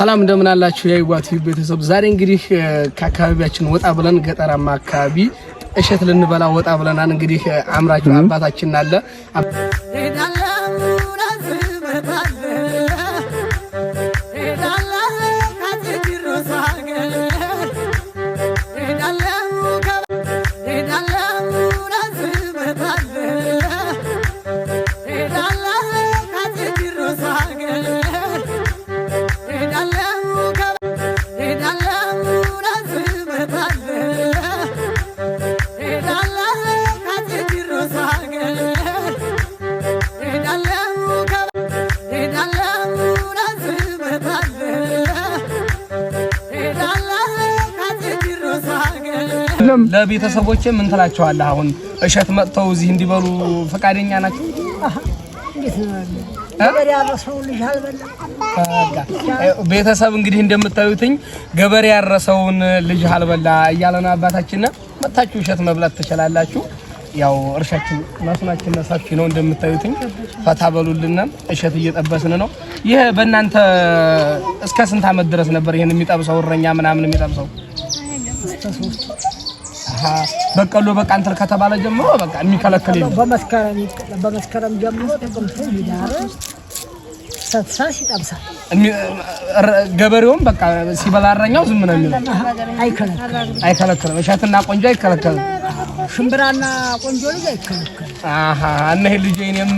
ሰላም እንደምን አላችሁ? የአይዋት ቤተሰብ ዛሬ እንግዲህ ከአካባቢያችን ወጣ ብለን ገጠራማ አካባቢ እሸት ልንበላ ወጣ ብለናል። እንግዲህ አምራች አባታችን አለ አይደለም። ለቤተሰቦቼ ምን ትላቸዋለህ? አሁን እሸት መጥተው እዚህ እንዲበሉ ፈቃደኛ ናቸው? ቤተሰብ እንግዲህ እንደምታዩትኝ ገበሬ ያረሰውን ልጅ አልበላ እያለ አባታችን። መታችሁ እሸት መብላት ትችላላችሁ። ያው እርሻችን መስናችን ሰፊ ነው እንደምታዩትኝ። ፈታ በሉልና እሸት እየጠበስን ነው። ይህ በእናንተ እስከ ስንት አመት ድረስ ነበር ይህን የሚጠብሰው እረኛ ምናምን የሚጠብሰው? በቀሎ በቃ እንትን ከተባለ ጀምሮ በቃ የሚከለከል የለም። በመስከረም በመስከረም ጀምሮ ጥቅምት ኅዳር ሰሳሽ ይጠብሳል። ገበሬውም በቃ ሲበላ እረኛው ዝም ነው የሚለው፣ አይከለክልም። እሸትና ቆንጆ አይከለክልም። ሽምብራና ቆንጆ ልጅ አይከለክልም። እና ይሄ ልጅ እኔም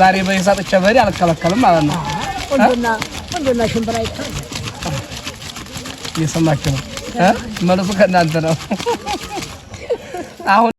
ዛሬ በሰጥቼ በሄድ አልከለከልም ማለት ነው። ቆንጆና ሽምብራ ይታል። እየሰማችሁ ነው መልሱ ከእናንተ ነው አሁን